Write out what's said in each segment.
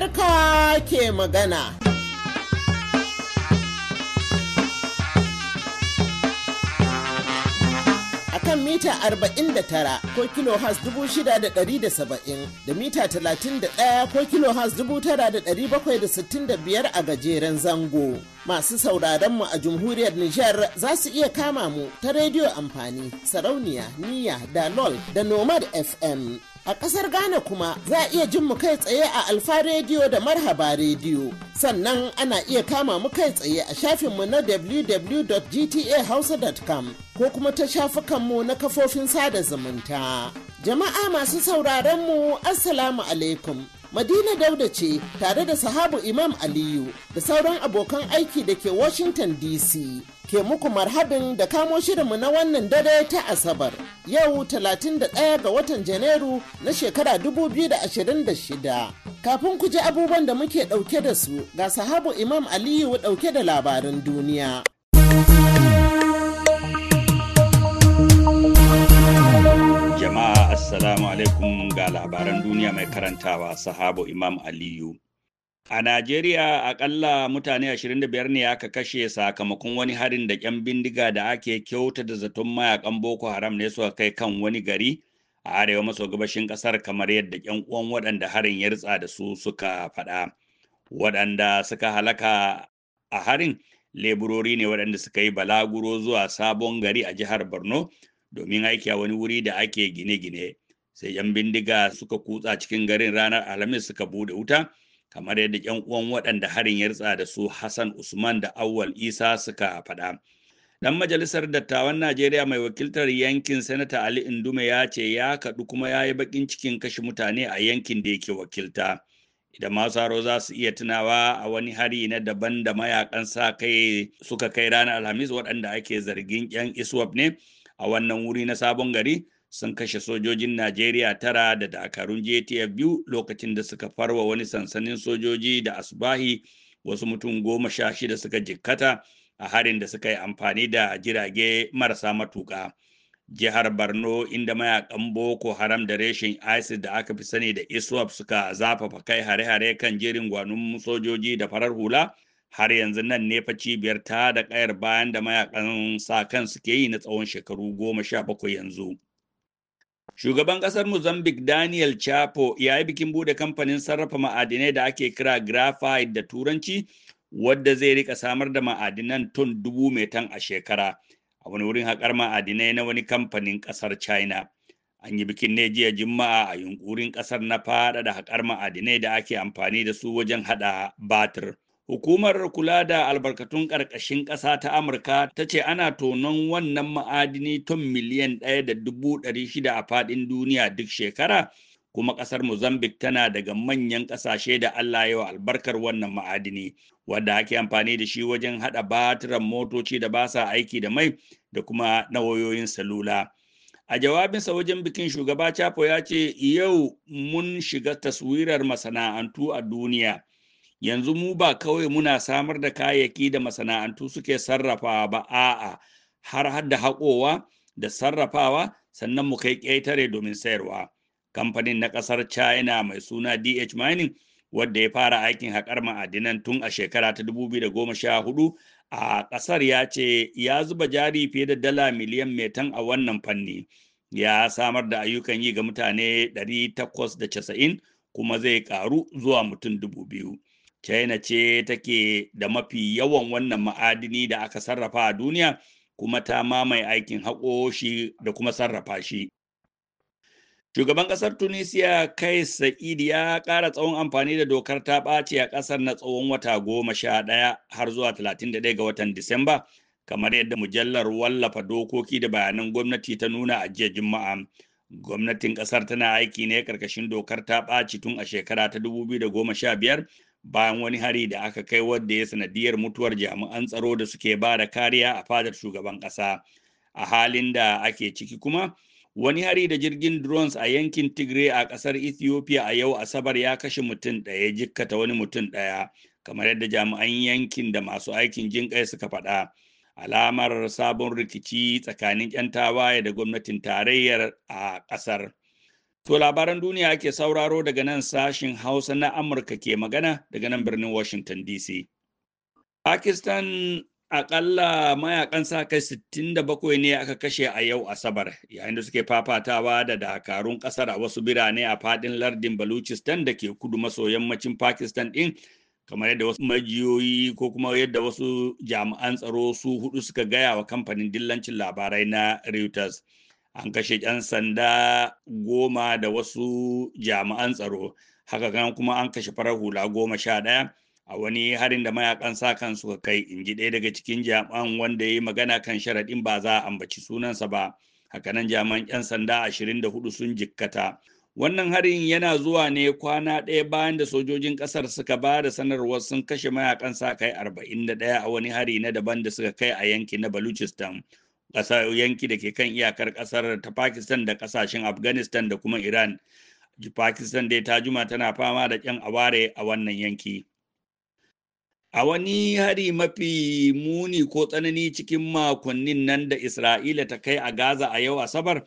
Amurka ke magana. kan mita 49 ko kilo has 6,670 da mita 31 ko kilo has biyar a gajeren zango. Masu sauraron mu a jumhuriyar Nijar za su iya kama mu ta rediyo amfani, sarauniya, niya da lol da nomad FM. A ƙasar Ghana kuma za a iya jin mu kai tsaye a Alfa Radio da Marhaba Radio. Sannan ana iya kama mu kai tsaye a shafinmu na www.gtahausa.com ko kuma ta shafukanmu na kafofin sada zumunta. Jama'a masu sauraronmu, mu Assalamu alaikum. Madina Dauda ce tare da sahabu Imam Aliyu da sauran abokan aiki da ke Washington DC. Ke muku marhabin da kamo shirinmu na wannan dare ta Asabar yau 31 ga watan Janairu na shekara 2026. Kafin ku ji abubuwan da muke ɗauke da su ga sahabu Imam Aliyu ɗauke da labarin duniya. Jama'a Assalamu alaikum ga labaran duniya mai karantawa sahabo Imam Aliyu. A Najeriya akalla mutane 25 ne aka kashe sakamakon wani harin da ƙyan bindiga da ake kyauta da zaton mayakan Boko Haram ne suka kai kan wani gari a arewa maso gabashin ƙasar kamar yadda ƙyan uwan waɗanda harin ya ritsa da su suka faɗa. Waɗanda suka halaka a harin leburori ne waɗanda suka yi balaguro zuwa sabon gari a jihar Borno domin aiki a wani wuri da ake gine-gine sai 'yan bindiga suka kutsa cikin garin ranar alhamis suka bude wuta kamar yadda 'yan uwan waɗanda harin ya ritsa da su hassan usman da awwal isa suka faɗa dan majalisar dattawan najeriya mai wakiltar yankin sanata ali Induma ya ce ya kaɗu kuma ya yi baƙin cikin kashe mutane a yankin da yake wakilta idan masu haro za su iya tunawa a wani hari na daban da mayakan sa kai suka kai ranar alhamis waɗanda ake zargin 'yan iswap ne a wannan wuri na sabon gari sun kashe sojojin Najeriya tara da dakarun JTF biyu lokacin da suka farwa wani sansanin sojoji da asbahi wasu mutum goma sha shida suka jikkata a harin da suka yi amfani da jirage marasa matuka, Jihar Borno inda mayakan Boko Haram da reshen ISIS da aka fi sani da ISWAP suka zafafa kai hare-hare kan jerin gwanon sojoji da farar hula har yanzu nan ne fa cibiyar ta da kayar bayan da mayakan sa kan suke yi na tsawon shekaru goma sha bakwai yanzu. Shugaban ƙasar Mozambique Daniel Chapo ya yi bikin bude kamfanin sarrafa ma'adinai da ake kira graphite da turanci wadda zai rika samar da ma'adinan tun dubu metan a shekara a wani wurin haƙar ma'adinai na wani kamfanin ƙasar China. An yi bikin ne jiya Juma'a a yunkurin ƙasar na faɗaɗa haƙar ma'adinai da ake amfani da su wajen haɗa batir. Hukumar kula da albarkatun ƙarƙashin ƙasa ta Amurka ta ce ana tonon wannan ma'adini ton miliyan ɗaya da dubu ɗari shida a faɗin duniya duk shekara, kuma ƙasar Mozambique tana daga manyan ƙasashe da Allah yawa albarkar wannan ma'adini, wadda ake amfani da shi wajen haɗa batiran motoci da ba sa aiki da mai da kuma na wayoyin salula. A jawabinsa wajen bikin shugaba Chapo ya ce, Yau mun shiga taswirar masana'antu a duniya. yanzu mu ba kawai muna samar da kayayyaki da masana'antu suke sarrafawa ba a'a har har da haƙowa da sarrafawa sannan mu kai ƙetare domin sayarwa kamfanin na ƙasar china mai suna dh mining wadda ya fara aikin haƙar ma'adinan tun a shekara ta 2014 a ƙasar ya ce ya zuba jari fiye da dala miliyan metan a wannan fanni ya samar da ayyukan yi ga mutane 890 kuma zai ƙaru zuwa mutum 2000 china ce take da mafi yawan wannan ma'adini da aka sarrafa a duniya kuma ta mamaye aikin haƙo shi da kuma sarrafa shi shugaban ƙasar tunisia kai sa'id ya ƙara tsawon amfani da dokar ta ɓaci a ƙasar na tsawon wata goma sha ɗaya har zuwa talatin da ɗaya ga watan disamba kamar yadda mujallar wallafa dokoki da bayanan gwamnati ta nuna a jiya juma'a gwamnatin ƙasar tana aiki ne ƙarƙashin dokar ta ɓaci tun a shekara ta 2015 bayan wani hari da aka kai wadda ya sanadiyar mutuwar jami'an tsaro da suke ba da kariya a fadar shugaban ƙasa a halin da ake ciki kuma wani hari da jirgin drones a yankin tigray a ƙasar ethiopia a yau asabar ya kashe mutum ɗaya jikkata wani mutum ɗaya kamar yadda jami'an yankin da masu aikin jinƙai suka faɗa alamar sabon rikici tsakanin 'yan tawaye da gwamnatin tarayyar a ƙasar To labaran duniya ake sauraro daga nan sashin Hausa na Amurka ke magana daga nan birnin Washington DC. Pakistan akalla mayakan sa kai bakwai ne aka kashe a yau Asabar yayin da suke fafatawa da dakarun ƙasar a wasu birane a faɗin lardin Baluchistan da ke kudu maso yammacin Pakistan ɗin, kamar yadda wasu majiyoyi ko kuma yadda wasu jami'an tsaro su hudu suka gaya wa kamfanin dillancin labarai na Reuters. an kashe 'yan sanda goma da wasu jami'an tsaro haka kan kuma an kashe farar hula goma sha ɗaya a wani harin da mayakan sa kan suka kai in ji ɗaya daga cikin jami'an wanda ya yi magana kan sharaɗin ba za a ambaci sunansa ba hakanan jami'an 'yan sanda 24 sun jikkata wannan harin yana zuwa ne kwana ɗaya bayan da sojojin ƙasar suka ba da sanarwar sun kashe mayakan sa kai ɗaya a wani hari na daban da suka kai a yanki na baluchistan ƙasar yanki da ke kan iyakar ƙasar ta Pakistan da ƙasashen Afghanistan da kuma Iran. Pakistan dai ta juma tana fama da ƙyan aware a wannan yanki. A wani hari mafi muni ko tsanani cikin makonnin nan da Isra'ila ta kai a Gaza a yau Asabar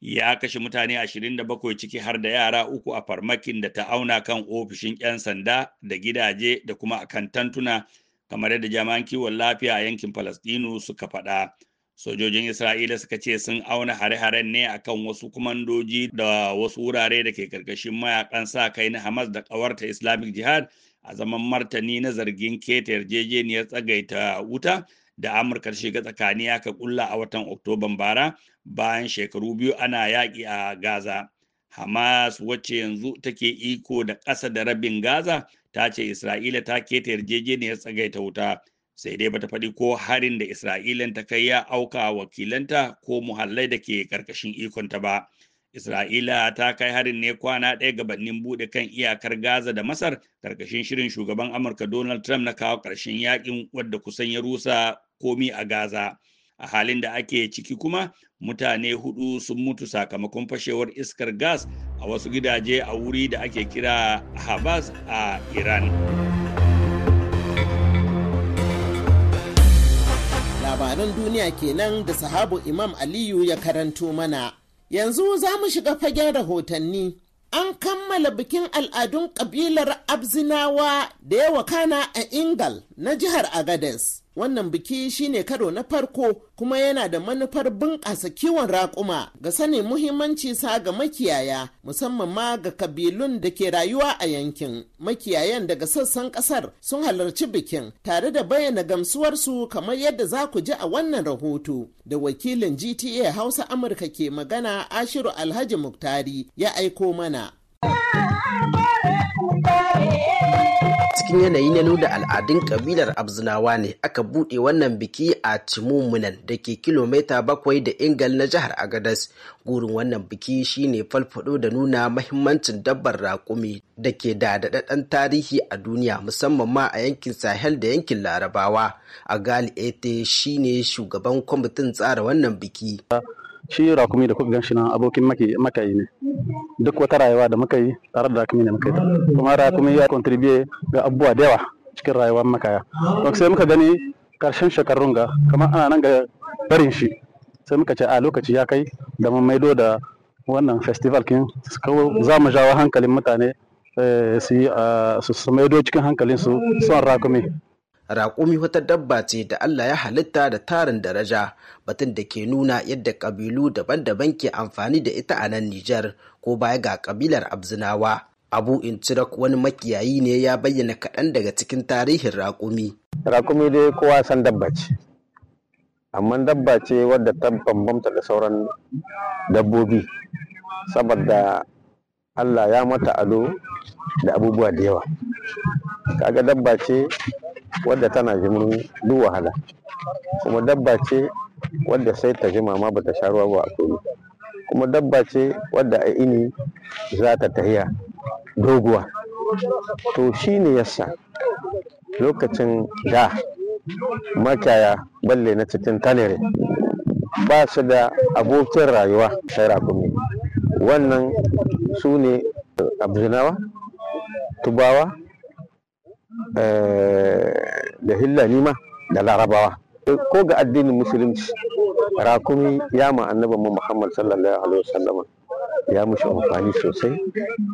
ya kashe mutane 27 ciki har da yara uku a farmakin da ta auna kan ofishin 'yan sanda da gidaje da kuma akan tantuna kamar yadda jami'an kiwon lafiya a yankin Falastinu suka faɗa. sojojin Isra'ila suka ce sun auna hare-haren ne akan wasu kumandoji da wasu wurare da ke karkashin mayakan sa kai na Hamas da kawarta Islamic Jihad a zaman martani na zargin keta yarjejeniyar tsagaita wuta da Amurka shiga tsakani aka kulla a watan Oktoban bara bayan shekaru biyu ana yaƙi a Gaza. Hamas wacce yanzu take iko da ƙasa da rabin Gaza ta ce Isra'ila ta keta yarjejeniyar tsagaita wuta sai dai bata faɗi ko harin da Isra'ilan ta kai ya auka wakilanta ko muhallai da ke ƙarƙashin ikonta ba. Isra'ila ta kai harin ne kwana ɗaya gabanin buɗe kan iyakar Gaza da Masar ƙarƙashin shirin shugaban Amurka Donald Trump na kawo ƙarshen yaƙin wadda kusan ya rusa komi a Gaza. A halin da ake ciki kuma mutane hudu sun mutu sakamakon fashewar iskar gas a wasu gidaje a wuri da ake kira Habas a Iran. labaran duniya kenan da sahabu Imam Aliyu ya karanto mana. Yanzu za mu shiga fagen rahotanni. An kammala bikin al'adun ƙabilar Abzinawa da ya wakana a Ingal na jihar Agades. Wannan biki shine karo na farko kuma yana da manufar bunƙasa kiwon raƙuma ga sanin muhimmanci sa ga makiyaya musamman ma ga kabilun da ke rayuwa a yankin. Makiyayan daga sassan ƙasar sun halarci bikin tare da bayyana gamsuwarsu kamar yadda za ku ji a wannan rahoto da wakilin GTA Hausa Amurka ke magana Ashiru Alhaji Muktari ya aiko mana. cikin yanayi na nuna al'adun kabilar abzinawa ne aka buɗe wannan biki a timumunan da ke kilomita bakwai da ingal na jihar agadas gurin wannan biki shine falfado da nuna mahimmancin dabbar raƙumi da ke da daɗaɗɗen tarihi a duniya musamman ma a yankin sahel da yankin larabawa a gali ete shine shugaban kwamitin tsara wannan biki shi rakumi da kuka ganshi nan abokin makayi ne duk wata rayuwa da muka yi tare da rakumi ne muka yi kuma rakumi ya contribute ga abubuwa da yawa cikin rayuwar makaya don sai muka gani karshen shekarun ga kamar ana nan ga barin shi sai muka ce a lokaci ya kai da mun maido da wannan festival kin za mu jawo hankalin mutane eh, ah, su maido cikin hankalin su son rakumi raƙumi wata dabba ce da Allah ya halitta da tarin daraja batun da ke nuna yadda ƙabilu daban-daban ke amfani da ita a nan Nijar ko baya ga ƙabilar Abzinawa. Abu in Intirak wani makiyayi ne ya bayyana kaɗan daga cikin tarihin raƙumi. Raƙumi dai kowa san dabba ce, amma dabba ce wadda ta bambamta da sauran dabbobi, saboda Allah ya mata ado da abubuwa da yawa. Kaga dabba ce wadda tana jimin duk wahala kuma dabba ce wadda sai ta jima ma bata sha ruwa ba a kuma dabba ce wadda a ini za ta tahiya doguwa to shi ne yasa lokacin da makaya balle na cikin tanere ba su da abokin rayuwa sai rakumi wannan su ne abzinawa tubawa Eh, da hilla ma da larabawa ko ga addinin musulunci rakumi ya ma annabin mu muhammad sallallahu alaihi wasallam ya mushi amfani sosai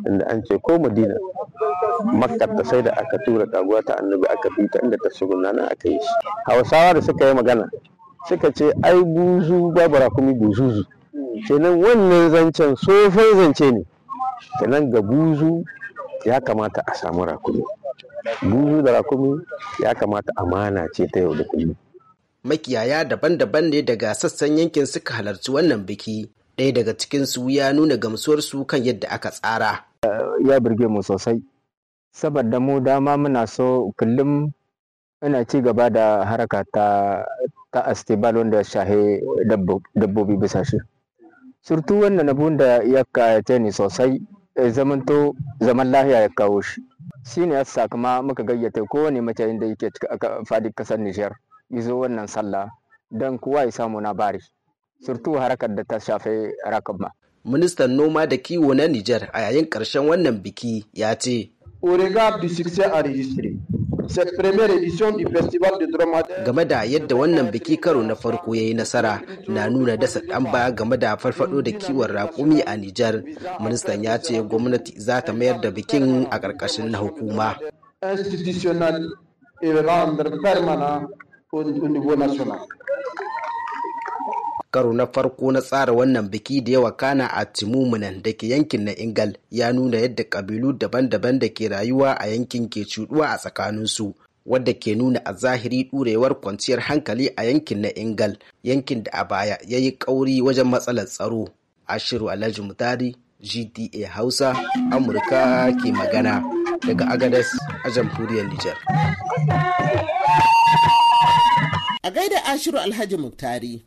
inda an ce ko madina makka ta sai da aka tura taguwa ta annabi aka bi ta inda ta suguna nan aka yi shi hausawa da suka yi magana suka ce ai buzu babu rakumi buzuzu kenan wannan zancen sofai zance ne kenan ga buzu ya kamata a samu rakumi buzu da rakumi ya kamata amana ce ta yau da kullum makiyaya daban-daban ne daga sassan yankin suka halarci wannan biki ɗaya daga cikinsu ya nuna gamsuwarsu kan yadda aka tsara ya birge mu sosai saboda mu dama muna so kullum ina ci gaba da haraka ta ta astibal wanda shahe dabbobi bisa shi surtu wannan abun da ya kayace ni sosai zamanto zaman lahiya ya kawo shi shi ne yasa kuma muka gayyata kowane matayin da yake fadin kasar Nijar ya zo wannan sallah don kowa ya samu labari surtu harkar da ta shafi rakabma. Ministan noma da kiwo na Nijar a yayin ƙarshen wannan biki ya ce. Orega a registry cette première édition festival de dromadaire game da yadda wannan biki karo na farko yayi nasara na nuna dasa dan baya game da farfado da kiwon raƙumi a Nijar ministan ya ce gwamnati za ta mayar da bikin a ƙarƙashin na hukuma institutionnel et rendre karo na farko na tsara wannan biki da yawa kana a timumunan da ke yankin na ingal ya nuna yadda kabilu daban-daban da ke rayuwa a yankin ke cuɗuwa a tsakaninsu wadda ke nuna a zahiri ɗurewar kwanciyar hankali a yankin na ingal yankin da a baya ya yi ƙauri wajen matsalar tsaro ashiru alhaji mutari GDA hausa amurka ke magana daga agadas a jamhuriyar nijar a gaida ashiru alhaji muktari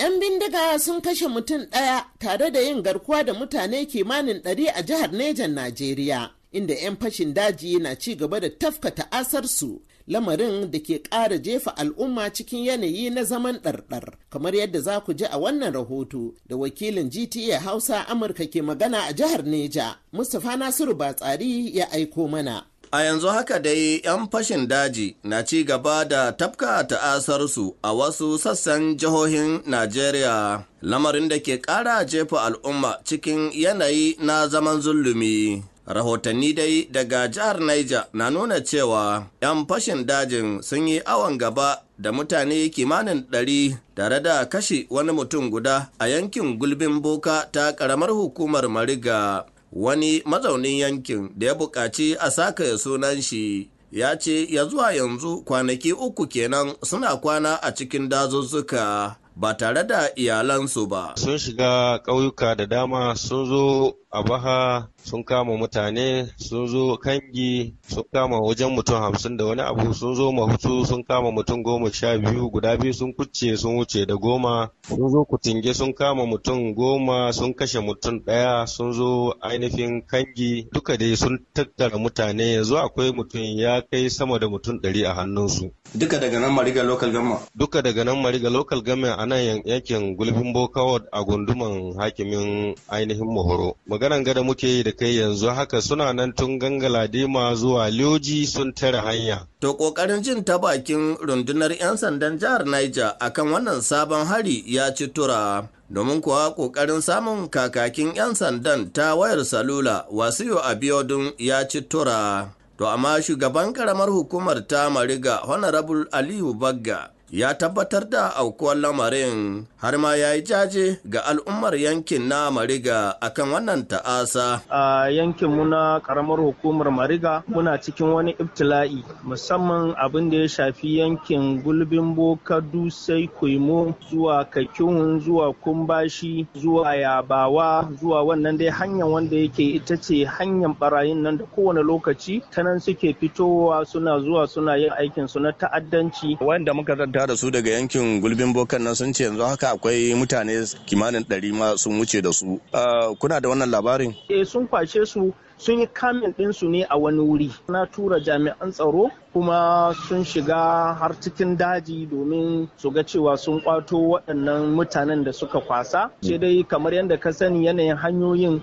'Yan bindiga sun kashe mutum ɗaya tare da yin garkuwa da mutane kimanin ɗari a jihar Nejan Najeriya, inda 'yan fashin daji na ci gaba da tafka ta'asarsu lamarin da ke ƙara jefa al'umma cikin yanayi na zaman ɗarɗar kamar yadda za ku ji a wannan rahoto da wakilin gta hausa amurka ke magana a jihar neja mustapha nasiru batsari ya aiko mana A yanzu haka dai 'yan fashin daji na ci gaba da tafka ta'asarsu a wasu sassan jihohin Najeriya, lamarin da ke ƙara jefa al'umma cikin yanayi na zaman zulumi. Rahotanni dai daga jihar Niger na nuna cewa 'yan fashin dajin sun yi awon gaba da mutane kimanin ɗari tare da kashe wani mutum guda a yankin gulbin boka ta ƙaramar hukumar Mariga. wani mazaunin yankin da ya buƙaci a saka ya sunan shi ya ce ya zuwa yanzu kwanaki uku kenan suna kwana a cikin dazuzzuka ba tare da iyalansu ba. Sun shiga ƙauyuka da dama sun zo Abaha sun kama mutane sun zo kangi sun kama wajen mutum hamsin da wani abu sun zo mahutu sun kama mutum goma sha biyu guda biyu sun kucce sun wuce da goma sun zo kutinge sun kama mutum goma sun kashe mutum ɗaya sun zo ainihin kangi duka dai sun tattara mutane yanzu akwai mutum ya kai sama da mutum ɗari a hannunsu. Duka daga nan Mariga Local government Duka daga nan Mariga Local government a nan yankin Gulbin Bokawad a gunduman hakimin ainihin Mahoro. maganan gada muke yi da kai yanzu haka suna nan tun gangaladema zuwa Lyoji sun tare hanya. To kokarin jin ta bakin rundunar 'yan sandan jihar Niger akan wannan sabon hari ya ci tura. Domin kuwa kokarin samun kakakin 'yan sandan ta wayar salula wasiyo abiodun ya ci tura. To amma shugaban karamar hukumar ta Mariga Honorable Aliyu Bagga ya tabbatar da aukuwar lamarin har ma ya yi jaje ga al'ummar yankin na mariga akan wannan ta'asa a yankin mu na karamar hukumar mariga muna cikin wani ibtila'i musamman abin da ya shafi yankin gulbin boka dusai kuimo zuwa kakihun zuwa kumbashi zuwa yabawa zuwa wannan dai hanyar wanda yake ita ce hanyar barayin nan da kowane lokaci ta nan suke fitowa suna zuwa suna yin aikin su na ta'addanci wanda muka fita da su daga yankin gulbin bokan nan sun ce yanzu haka akwai mutane kimanin ɗari ma sun wuce da su ah, kuna da wannan labarin eh sun kwashe su sun yi kamin ɗinsu ne a wani wuri na tura jami'an tsaro kuma sun shiga har cikin daji domin su ga cewa sun kwato waɗannan mutanen da suka kwasa sai dai kamar yadda ka sani yanayin hanyoyin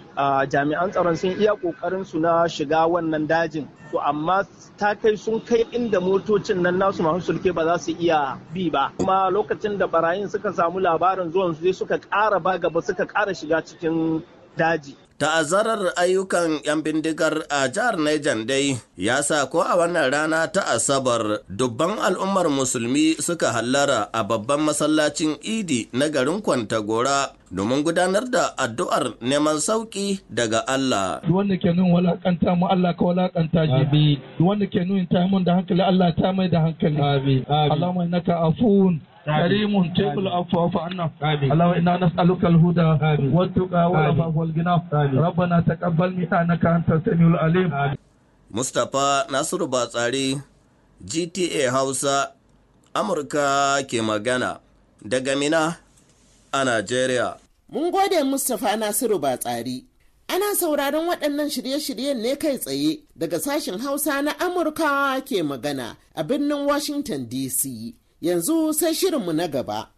jami'an tsaron sun iya ƙoƙarin su na shiga wannan dajin to amma ta kai sun kai inda motocin nan nasu masu sulke ba za su iya bi ba kuma lokacin da barayin suka samu labarin zuwan su sai suka ƙara ba gaba suka ƙara shiga cikin daji Ta'azarar ayyukan 'yan bindigar a jihar Niger dai ya sa ko a wannan rana ta Asabar dubban al'ummar musulmi suka hallara a babban masallacin Idi na garin Kwantagora domin gudanar da addu'ar neman sauki daga Allah. Wanda ke nuna walakanta mu Allah ka walakanta shi. Wanda ke nuna ta mun da hankali Allah ta mai da hankali. mai naka afun. كريم تيب العفو عفو عنا اللهم إنا نسألك الهدى والتقى والعفو والغنى ربنا تقبل منا إنك أنت السميع العليم Mustapha Nasiru Batsari GTA Hausa Amurka ke magana daga Mina a Najeriya. Mun gode Mustapha Nasiru Batsari. Ana sauraron waɗannan shirye-shiryen ne kai tsaye daga sashen Hausa na Amurka ke magana a birnin Washington DC. yanzu sai shirinmu na gaba.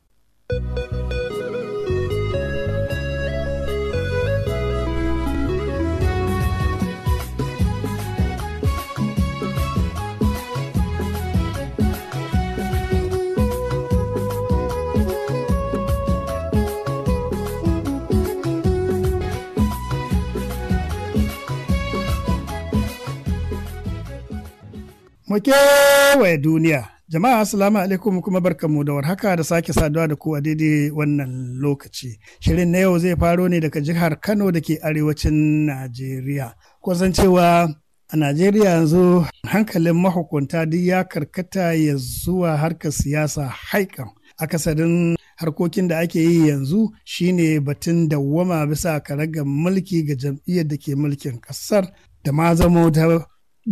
mu kewaye duniya Jama'a assalamu alaikum kuma barkanmu da warhaka da sake saduwa da ku a daidai wannan lokaci. Shirin na yau zai faro ne daga jihar Kano da ke arewacin Najeriya. Kusan cewa a Najeriya yanzu hankalin mahukunta duk ya karkata ya zuwa harkar siyasa haikan. Akasarin harkokin da ake yi yanzu shine batun dawwama bisa karagar mulki ga jam'iyyar da ke mulkin kasar da ma zamo ta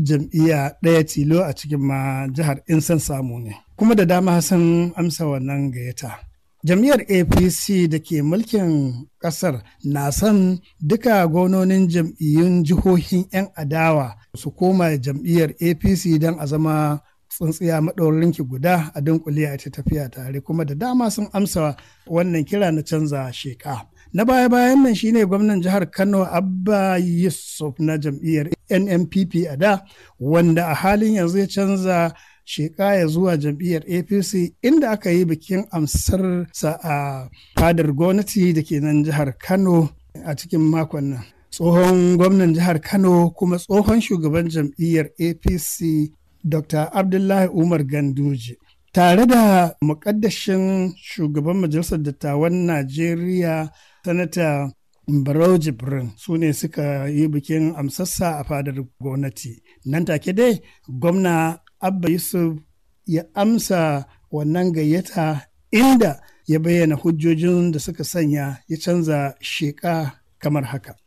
jam'iyya ɗaya tilo a cikin ma jihar in san samu ne kuma da dama sun amsa wannan gayyata jam'iyyar apc da ke mulkin ƙasar na son duka gononin jam'iyyun jihohin 'yan adawa su koma jam'iyyar apc don a zama tsintsiya maɗaurinki guda a dunkule a ta tafiya tare kuma da dama sun amsa wannan kira na canza sheka na baya-bayan nan shine gwamnan jihar kano abba yusuf na jam'iyyar nnpp a da wanda a halin yanzu ya canza shekaya zuwa jam'iyyar apc inda aka yi bikin amsar sa a fadar gwamnati da ke nan jihar kano a cikin makon nan tsohon gwamnan jihar kano kuma tsohon shugaban jam'iyyar apc dr abdullahi umar ganduje tare da mukaddashin shugaban majalisar dattawan najeriya sanata barau jibrin su ne suka yi bikin amsassa a fadar gwamnati nan take dai gwamna abba yusuf ya amsa wannan gayyata inda ya bayyana hujjojin da suka sanya ya canza sheka kamar haka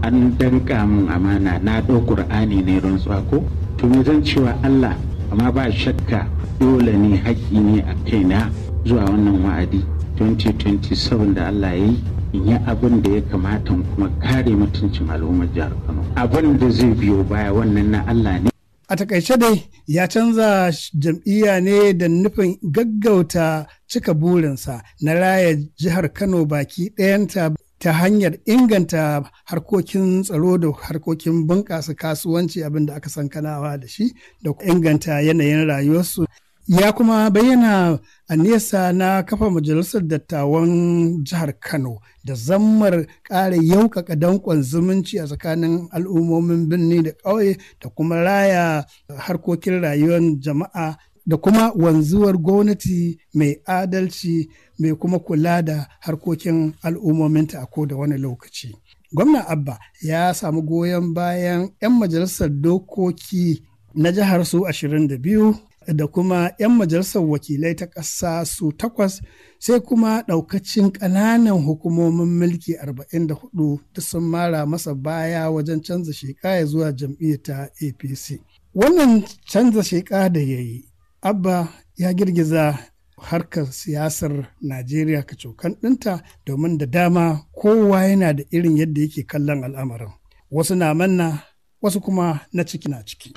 an danka min amana na ɗau ƙur'ani ne rantsuwa ko to zan cewa allah amma ba shakka dole ne haƙƙi ne a kaina zuwa wannan wa'adi 2020 saboda Allah ya yi in yi abin da ya kamata kuma kare mutuncin al'ummar jihar Kano abin da zai biyo baya wannan na Allah ne a takaice dai ya canza jam'iyya ne da nufin gaggauta cika burinsa na raya jihar Kano baki ɗayanta ta hanyar inganta harkokin tsaro da harkokin bunƙasa kasuwanci abin da aka san kanawa da shi da inganta yanayin rayuwarsu ya kuma bayyana a nesa na kafa majalisar dattawan jihar kano da zammar ƙara yaukaka danƙon zumunci a tsakanin al'ummomin birni da ƙauye da kuma raya harkokin rayuwar jama'a da kuma wanzuwar gwamnati mai adalci mai kuma kula da harkokin al'ummominta a ko da wani lokaci. Gwamna Abba ya samu goyon bayan 'yan majalisar dokoki na jihar su 22 da kuma 'yan majalisar wakilai ta ƙasa su takwas sai kuma ɗaukacin ƙananan hukumomin mulki 44 da sun mara masa baya wajen canza ya zuwa jam'iyyar ta apc wannan canza sheka da ya yi abba ya girgiza harkar siyasar najeriya kacokan ɗinta domin da dama kowa yana da irin yadda yake kallon al'amarin wasu na manna wasu kuma na ciki na ciki.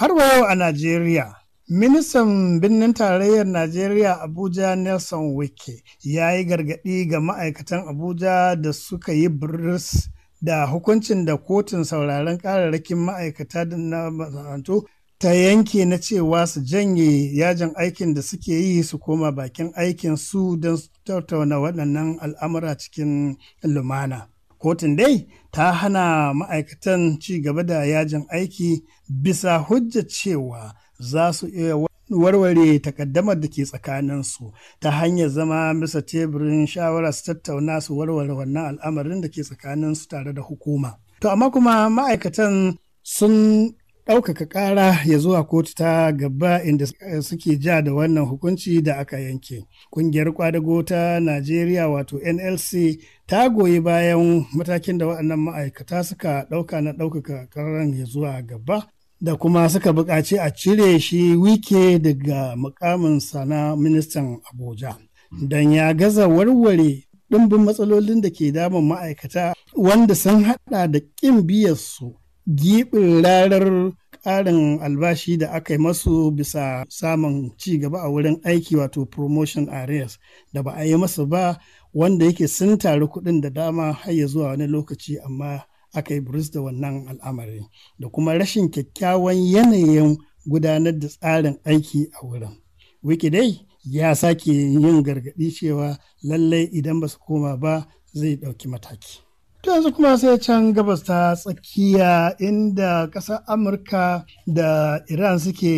Har wa yau a Najeriya, Ministan birnin tarayyar Najeriya Abuja Nelson Wike ya yi gargaɗi ga ma'aikatan Abuja da suka yi buris da hukuncin da kotun sauraron kararrakin ma'aikata na masarantu ta yanke na cewa su janye yajin aikin da suke yi su koma bakin aikin su don tattauna waɗannan al'amura cikin lumana. Kotun dai ta hana ma'aikatan ci gaba da yajin aiki bisa hujja cewa za su iya warware takaddamar da ke tsakaninsu ta hanyar zama bisa teburin shawara su tattauna su warware wannan al'amarin da ke tsakaninsu tare da hukuma. To amma kuma ma'aikatan sun ɗaukaka ƙara ya zuwa kotu ta gaba inda suke ja da wannan hukunci da aka yanke. Ƙungiyar kwadago ta Najeriya wato NLC ta goyi bayan matakin da waɗannan ma'aikata suka ɗauka na ɗaukaka ƙarar ya zuwa gaba da kuma suka buƙaci a cire shi wike daga mukaminsa na ministan abuja hmm. don ya gaza warware ɗumbin matsalolin da ke damun ma'aikata wanda sun haɗa da ƙin su giɓin rarar ƙarin albashi da aka yi masu bisa samun ci gaba a wurin aiki wato promotion areas da ba a yi masu ba wanda yake sun taru kuɗin da dama har ya zuwa wani lokaci amma aka yi burus da wannan al'amari da kuma rashin kyakkyawan yanayin gudanar da tsarin aiki a wurin. Wiki dai ya sake yin gargaɗi cewa lallai idan ba su koma ba zai ɗauki mataki. To yanzu kuma sai can gabas ta tsakiya inda ƙasar Amurka da Iran suke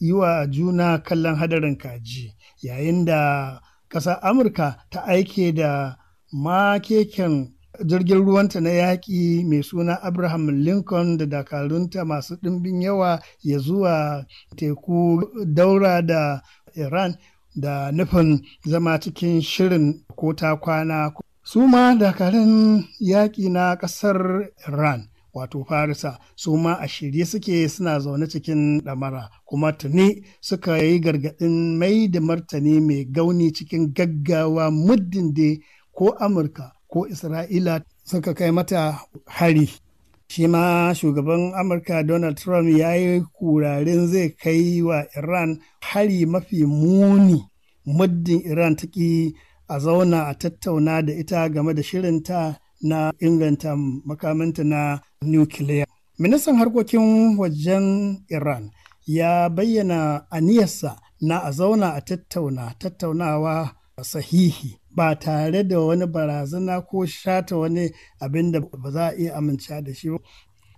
yi wa juna kallon hadarin kaji yayin da ƙasar Amurka ta aike da makeken jirgin ruwanta na yaƙi mai suna abraham lincoln da dakarunta masu ɗimbin yawa ya zuwa teku daura da iran da nufin zama cikin shirin ko ta kwana su ma dakarun yaƙi na ƙasar iran wato farisa su ma a shirye suke suna zaune cikin ɗamara kuma tuni suka yi gargaɗin mai da martani mai gauni cikin gaggawa muddin da ko amurka ko isra'ila suka kai mata hari shi ma shugaban amurka donald trump ya yi kurarin zai kai wa iran hari mafi muni muddin iran ta ki a zauna a tattauna da ita game da shirinta na inganta makamanta na nukiliya ministan harkokin wajen iran ya bayyana aniyarsa na a zauna a tattauna tattaunawa sahihi ba tare da wani barazana ko shata wani abin da ba za a iya amince da shi ba.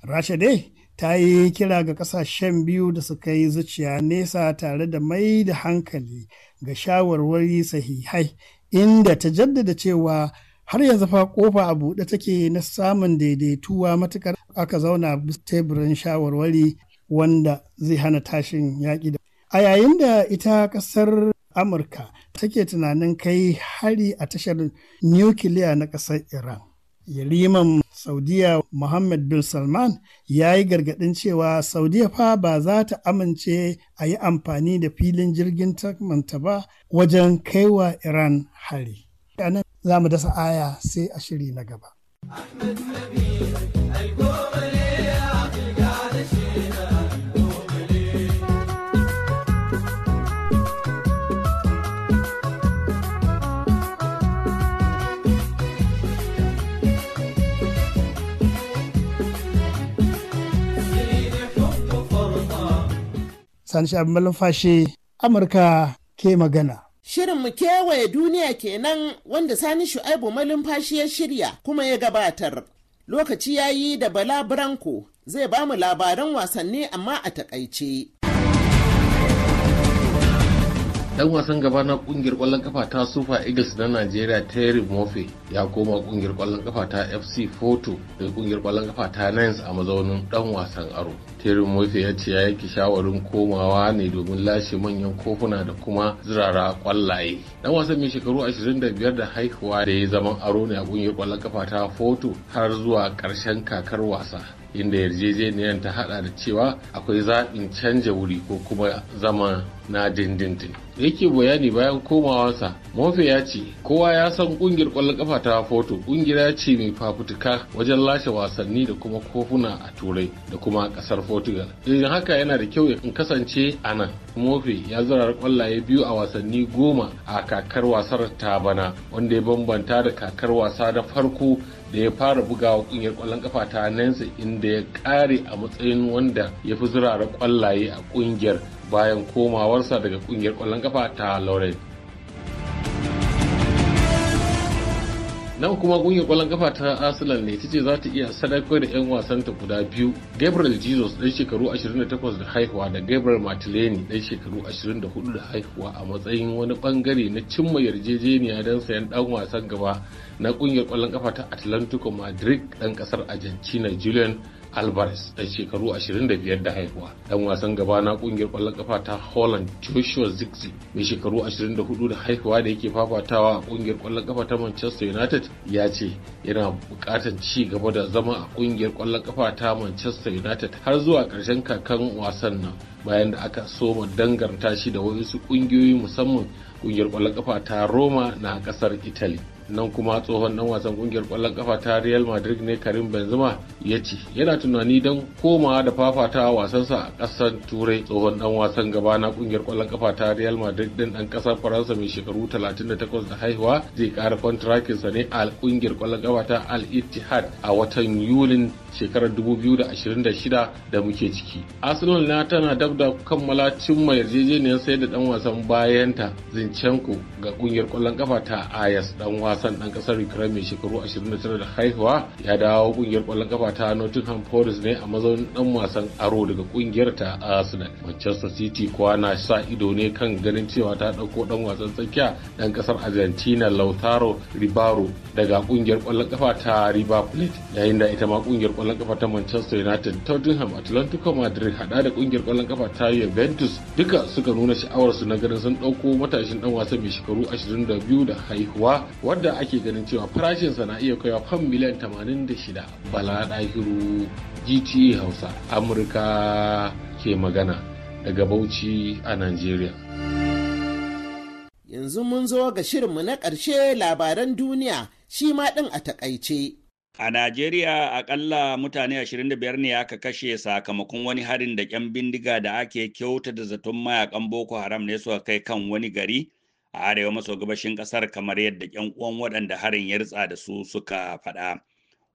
Rasha dai ta yi kira ga kasashen biyu da suka yi zuciya nesa tare da mai da hankali ga shawarwari sahihai inda ta jaddada cewa har yanzu fa kofa a buɗe take na samun daidaituwa matukar aka zauna teburin shawarwari wanda zai hana tashin yaƙi da a yayin da ita ƙasar amurka take tunanin kai hari a tashar nukiliya na ƙasar Iran. Yariman Saudiya Mohammed bin Salman ya yi gargaɗin cewa Saudiya fa ba za ta amince a yi amfani da filin jirgin takmanta ba wajen kaiwa Iran hari. A za mu dasa aya sai a shiri na gaba. sani shabi malumfashi amurka ke magana Shirin mu kewaye duniya kenan wanda sani shu'aibu malumfashi ya shirya kuma ya gabatar. Lokaci ya yi da Bala Branko zai ba mu labaran wasanni amma a takaice. dan wasan gaba na kungiyar kwallon kafa ta Super Eagles na Nigeria Terry Murphy ya koma kungiyar kwallon kafa ta FC photo da kungiyar kwallon kafa ta Nines a mazaunin dan wasan aro. Terry Murphy ya ce ya yake shawarin komawa ne domin lashe manyan kofuna da kuma zirara kwallaye. Dan wasan mai shekaru 25 da haihuwa da ya zaman aro ne a kungiyar kwallon kafa ta photo har zuwa karshen kakar wasa. inda yarjejeniyar ta hada da cewa akwai zaɓin canja wuri ko kuma zama na dindindin yake bayani bayan komawarsa mofe ya ce kowa ya san kungiyar kwallon kafa ta foto kungiya ce mai fafutuka wajen lashe wasanni da kuma kofuna a turai da kuma kasar portugal idan haka yana da kyau in kasance a nan mofe ya zura kwallaye biyu a wasanni goma a kakar wasar ta bana wanda ya bambanta da kakar wasa da farko da ya fara bugawa kungiyar kwallon kafa ta Nancy inda ya kare a matsayin wanda ya fi zurara kwallaye a kungiyar bayan komawarsa daga kungiyar kwallon kafa ta Lorraine. nan kuma kungiyar kwallon kafa ta arsenal ne tace za ta iya sadaukar da 'yan wasanta guda biyu gabriel jesus dan shekaru 28 da haihuwa da gabriel martellini dan shekaru 24 da haihuwa a matsayin wani bangare na cimma yarjejeniya don sayan dan wasan gaba na kungiyar kwallon kafa ta atlantico madrid dan kasar argentina julian alvarez dan shekaru 25 da haihuwa dan wasan gaba na kungiyar kwallon kafa ta holland joshua zigzi mai shekaru 24 da haihuwa da yake fafatawa a kungiyar kwallon kafa ta manchester united ya ce yana bukatar ci gaba da zama a kungiyar kwallon kafa ta manchester united har zuwa karshen kakan wasan nan bayan da aka soma danganta shi da wasu kungiyoyi musamman kungiyar kwallon kafa ta roma na kasar italy nan kuma tsohon dan wasan kungiyar kwallon kafa ta real madrid ne karim benzema ya ce yana tunani don komawa da fafata wasansa a kasar turai tsohon dan wasan gaba na kungiyar kwallon kafa ta real madrid din dan ƙasar faransa mai shekaru 38 da haihuwa zai kara sa ne a kungiyar kwallon kafa ta al ittihad a watan yulin shekarar 2026 da muke ciki. Arsenal na tana dab da kammala cimma yarjejeniyar sayar da dan wasan bayanta Zinchenko ga kungiyar kwallon kafa ta Ayas dan wasan dan kasar Ukraine mai shekaru 29 da haihuwa ya dawo kungiyar kwallon kafa ta Nottingham Forest ne a mazaunin dan wasan aro daga kungiyar ta Arsenal. Manchester City kuwa na sa ido ne kan ganin cewa ta dauko dan wasan tsakiya dan kasar Argentina Lautaro ribaro daga kungiyar kwallon kafa ta River Plate yayin da ita ma kungiyar kwallon kwallon kafa ta Manchester United, Tottenham, Atlantico Madrid hada da kungiyar kwallon kafa ta Juventus duka suka nuna sha'awar su na ganin sun dauko matashin dan wasa mai shekaru 22 da haihuwa wadda ake ganin cewa farashin sa na iya kaiwa fam miliyan 86. Bala Dahiru GTA e Hausa, Amurka ke magana daga Bauchi a Nigeria. Yanzu mun zo ga shirinmu na ƙarshe labaran duniya shi ma ɗin a takaice. A Najeriya akalla mutane 25 ne aka kashe sakamakon wani harin da ƙyan bindiga da ake kyauta da zaton mayakan Boko Haram ne suka kai kan wani gari a arewa maso gabashin ƙasar kamar yadda ƙyan uwan waɗanda harin ya ritsa da su suka faɗa.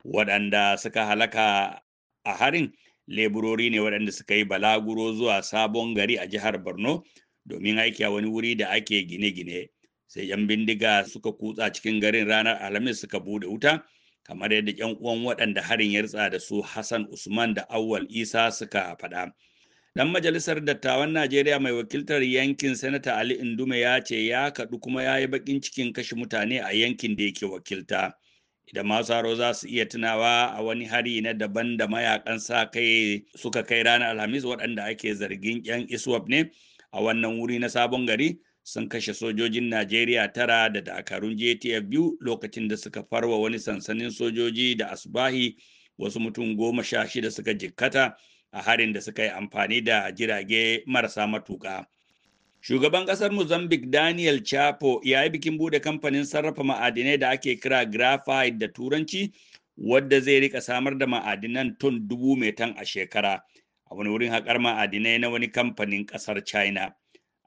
Waɗanda suka halaka a harin leburori ne waɗanda suka yi balaguro zuwa sabon gari a jihar Borno domin aiki a wani wuri da ake gine-gine. Sai 'yan bindiga suka kutsa cikin garin ranar Alhamis suka buɗe wuta. kamar yadda 'yan uwan waɗanda harin ya ritsa da su Hassan Usman da Awwal Isa suka faɗa. Dan majalisar dattawan Najeriya mai wakiltar yankin Sanata Ali Indume ya ce ya kaɗu kuma ya yi baƙin cikin kashe mutane a yankin da yake wakilta. Idan masu haro za su iya tunawa a wani hari na daban da mayakan sa kai suka kai ranar Alhamis waɗanda ake zargin 'yan ISWAP ne a wannan wuri na sabon gari sun kashe sojojin Najeriya tara da dakarun JTF biyu lokacin da suka farwa wani sansanin sojoji da asbahi wasu mutum goma sha shida suka jikkata a harin da suka yi amfani da jirage marasa matuƙa. Shugaban ƙasar Mozambique Daniel Chapo ya yi bikin bude kamfanin sarrafa ma'adinai da ake kira graphite da turanci wadda zai rika samar da ma'adinan ton dubu metan a shekara a wani wurin haƙar ma'adinai na wani kamfanin ƙasar China.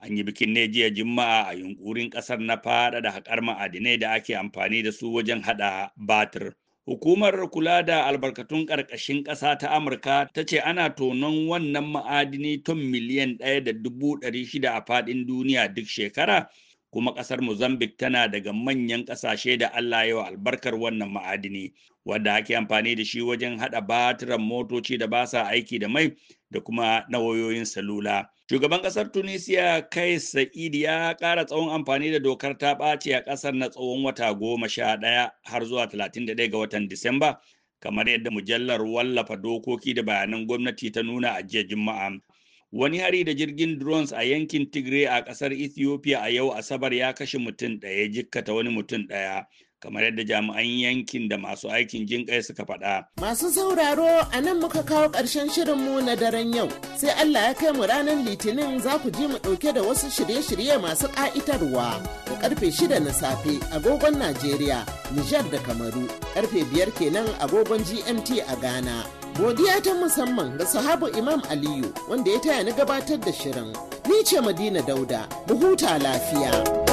an yi bikin ne jiya juma'a a yunkurin kasar na fada da haƙar ma'adinai da ake amfani da su wajen haɗa batir hukumar kula da albarkatun ƙarƙashin ƙasa ta amurka ta ce ana tonon wannan ma'adini ton miliyan ɗaya da dubu ɗari shida a faɗin duniya duk shekara kuma ƙasar Mozambique tana daga manyan ƙasashe da Allah wa albarkar wannan ma'adini wadda ake amfani da shi wajen haɗa batiran motoci da ba sa aiki da mai da kuma na wayoyin salula. Shugaban ƙasar Tunisia kai Sa'id ya ƙara tsawon amfani da dokar ta ɓaci a ƙasar na tsawon wata goma sha ɗaya har zuwa talatin da ɗaya ga watan Disamba kamar yadda mujallar wallafa dokoki da bayanan gwamnati ta nuna a jiya Juma'a. Wani hari da jirgin drones a yankin Tigray a ƙasar Ethiopia a yau Asabar ya kashe mutum ɗaya jikkata wani mutum ɗaya. kamar yadda jami'an yankin da masu aikin jin kai suka faɗa. Masu sauraro a nan muka kawo ƙarshen shirinmu na daren yau sai Allah ya kai mu ranar litinin za ku ji mu ɗauke da wasu shirye-shirye masu ƙa'itarwa da ƙarfe shida na safe agogon Najeriya, Nijar da Kamaru, ƙarfe biyar kenan agogon GMT a Ghana. Godiya ta musamman ga sahabu Imam Aliyu wanda ya taya ni gabatar da shirin. Ni ce Madina Dauda, buhuta lafiya.